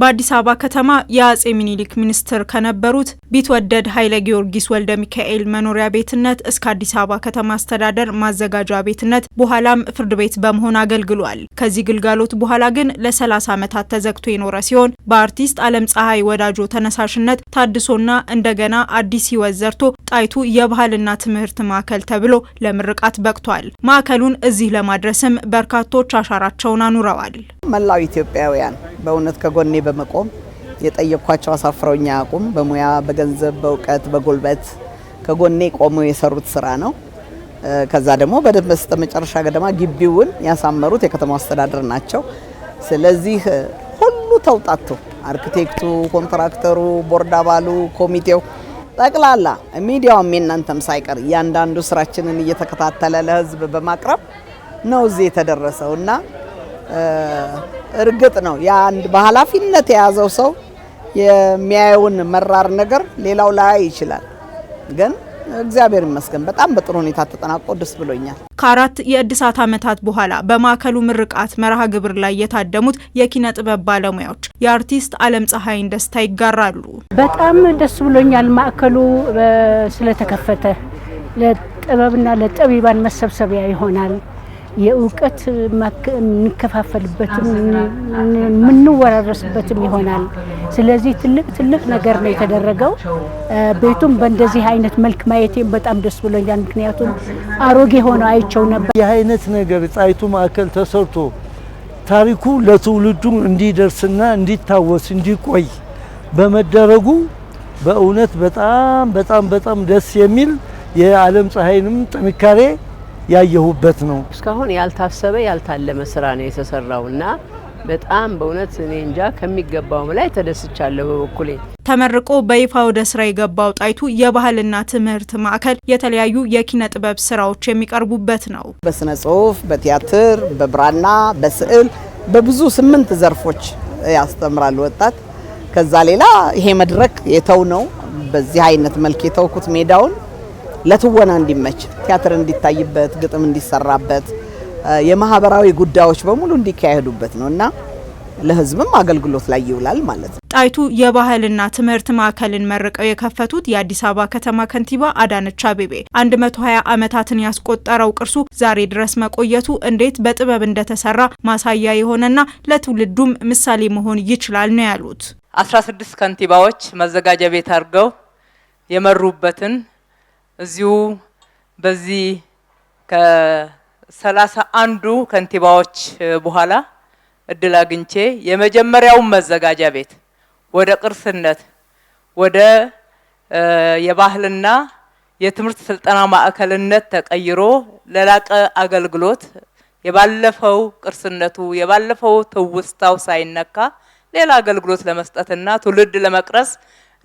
በአዲስ አበባ ከተማ የአጼ ሚኒሊክ ሚኒስትር ከነበሩት ቢትወደድ ኃይለ ጊዮርጊስ ወልደ ሚካኤል መኖሪያ ቤትነት እስከ አዲስ አበባ ከተማ አስተዳደር ማዘጋጃ ቤትነት በኋላም ፍርድ ቤት በመሆን አገልግሏል። ከዚህ ግልጋሎት በኋላ ግን ለ30 ዓመታት ተዘግቶ የኖረ ሲሆን በአርቲስት አለም ፀሐይ ወዳጆ ተነሳሽነት ታድሶና እንደገና አዲስ ሕይወት ዘርቶ ጣይቱ የባህልና ትምህርት ማዕከል ተብሎ ለምርቃት በቅቷል። ማዕከሉን እዚህ ለማድረስም በርካቶች አሻራቸውን አኑረዋል። መላው ኢትዮጵያውያን በእውነት ከጎኔ በመቆም የጠየኳቸው አሳፍረውኛ አቁም በሙያ በገንዘብ በእውቀት በጉልበት ከጎኔ ቆመው የሰሩት ስራ ነው። ከዛ ደግሞ በስተ መጨረሻ ገደማ ግቢውን ያሳመሩት የከተማው አስተዳደር ናቸው። ስለዚህ ሁሉ ተውጣቶ አርክቴክቱ፣ ኮንትራክተሩ፣ ቦርድ አባሉ፣ ኮሚቴው ጠቅላላ ሚዲያውም የእናንተም ሳይቀር እያንዳንዱ ስራችንን እየተከታተለ ለህዝብ በማቅረብ ነው እዚህ የተደረሰው እና እርግጥ ነው የአንድ በኃላፊነት የያዘው ሰው የሚያየውን መራር ነገር ሌላው ላይ ይችላል ግን እግዚአብሔር ይመስገን በጣም በጥሩ ሁኔታ ተጠናቆ ደስ ብሎኛል። ከአራት የእድሳት ዓመታት በኋላ በማዕከሉ ምርቃት መርሃ ግብር ላይ የታደሙት የኪነ ጥበብ ባለሙያዎች የአርቲስት አለም ፀሐይን ደስታ ይጋራሉ። በጣም ደስ ብሎኛል ማዕከሉ ስለተከፈተ ለጥበብና ለጠቢባን መሰብሰቢያ ይሆናል የእውቀት የምንከፋፈልበትም የምንወራረስበትም ይሆናል። ስለዚህ ትልቅ ትልቅ ነገር ነው የተደረገው። ቤቱም በእንደዚህ አይነት መልክ ማየቴም በጣም ደስ ብሎኛል። ምክንያቱም አሮጌ ሆነው አይቸው ነበር። ይህ አይነት ነገር ጣይቱ ማዕከል ተሰርቶ ታሪኩ ለትውልዱ እንዲደርስና እንዲታወስ እንዲቆይ በመደረጉ በእውነት በጣም በጣም በጣም ደስ የሚል የዓለም ፀሐይንም ጥንካሬ ያየሁበት ነው። እስካሁን ያልታሰበ ያልታለመ ስራ ነው የተሰራው እና በጣም በእውነት እኔ እንጃ ከሚገባው ላይ ተደስቻለሁ በበኩሌ። ተመርቆ በይፋ ወደ ስራ የገባው ጣይቱ የባህልና ትምህርት ማዕከል የተለያዩ የኪነ ጥበብ ስራዎች የሚቀርቡበት ነው። በስነ ጽሁፍ፣ በቲያትር፣ በብራና፣ በስዕል በብዙ ስምንት ዘርፎች ያስተምራል ወጣት። ከዛ ሌላ ይሄ መድረክ የተው ነው በዚህ አይነት መልክ የተውኩት ሜዳውን ለትወና እንዲመች ቲያትር እንዲታይበት፣ ግጥም እንዲሰራበት፣ የማህበራዊ ጉዳዮች በሙሉ እንዲካሄዱበት ነው እና ለህዝብም አገልግሎት ላይ ይውላል ማለት ነው። ጣይቱ የባህልና ትምህርት ማዕከልን መርቀው የከፈቱት የአዲስ አበባ ከተማ ከንቲባ አዳነች አቤቤ 120 ዓመታትን ያስቆጠረው ቅርሱ ዛሬ ድረስ መቆየቱ እንዴት በጥበብ እንደተሰራ ማሳያ የሆነና ለትውልዱም ምሳሌ መሆን ይችላል ነው ያሉት። 16 ከንቲባዎች መዘጋጃ ቤት አድርገው የመሩበትን እዚሁ በዚህ ከሰላሳ አንዱ ከንቲባዎች በኋላ እድል አግኝቼ የመጀመሪያውን መዘጋጃ ቤት ወደ ቅርስነት ወደ የባህልና የትምህርት ስልጠና ማዕከልነት ተቀይሮ ለላቀ አገልግሎት የባለፈው ቅርስነቱ የባለፈው ትውስታው ሳይነካ ሌላ አገልግሎት ለመስጠትና ትውልድ ለመቅረስ።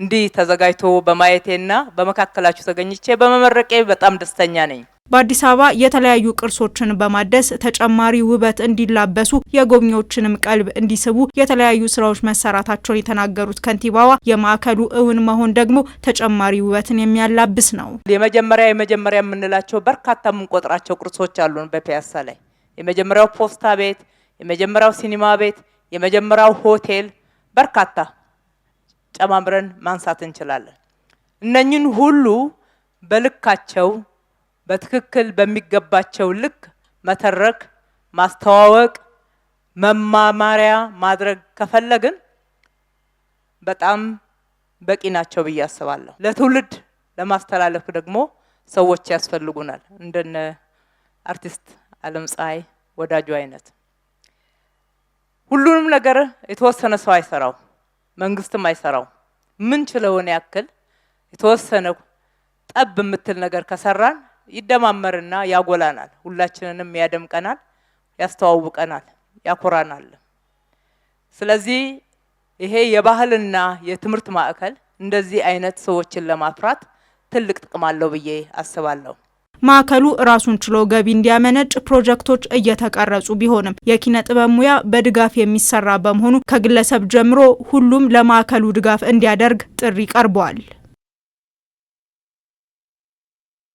እንዲህ ተዘጋጅቶ በማየቴና በመካከላችሁ ተገኝቼ በመመረቄ በጣም ደስተኛ ነኝ። በአዲስ አበባ የተለያዩ ቅርሶችን በማደስ ተጨማሪ ውበት እንዲላበሱ የጎብኚዎችንም ቀልብ እንዲስቡ የተለያዩ ስራዎች መሰራታቸውን የተናገሩት ከንቲባዋ የማዕከሉ እውን መሆን ደግሞ ተጨማሪ ውበትን የሚያላብስ ነው። የመጀመሪያ የመጀመሪያ የምንላቸው በርካታ የምንቆጥራቸው ቅርሶች አሉን በፒያሳ ላይ የመጀመሪያው ፖስታ ቤት፣ የመጀመሪያው ሲኒማ ቤት፣ የመጀመሪያው ሆቴል በርካታ ጨማምረን ማንሳት እንችላለን። እነኝን ሁሉ በልካቸው በትክክል በሚገባቸው ልክ መተረክ፣ ማስተዋወቅ፣ መማማሪያ ማድረግ ከፈለግን በጣም በቂ ናቸው ብዬ አስባለሁ። ለትውልድ ለማስተላለፍ ደግሞ ሰዎች ያስፈልጉናል። እንደነ አርቲስት አለም ፀሐይ ወዳጁ አይነት ሁሉንም ነገር የተወሰነ ሰው አይሰራው። መንግስትም ማይሰራው ምን ችለውን ያክል የተወሰነ ጠብ የምትል ነገር ከሰራን ይደማመርና ያጎላናል፣ ሁላችንንም ያደምቀናል፣ ያስተዋውቀናል፣ ያኮራናል። ስለዚህ ይሄ የባህልና የትምህርት ማዕከል እንደዚህ አይነት ሰዎችን ለማፍራት ትልቅ ጥቅም አለው ብዬ አስባለሁ። ማዕከሉ ራሱን ችሎ ገቢ እንዲያመነጭ ፕሮጀክቶች እየተቀረጹ ቢሆንም የኪነ ጥበብ ሙያ በድጋፍ የሚሰራ በመሆኑ ከግለሰብ ጀምሮ ሁሉም ለማዕከሉ ድጋፍ እንዲያደርግ ጥሪ ቀርበዋል።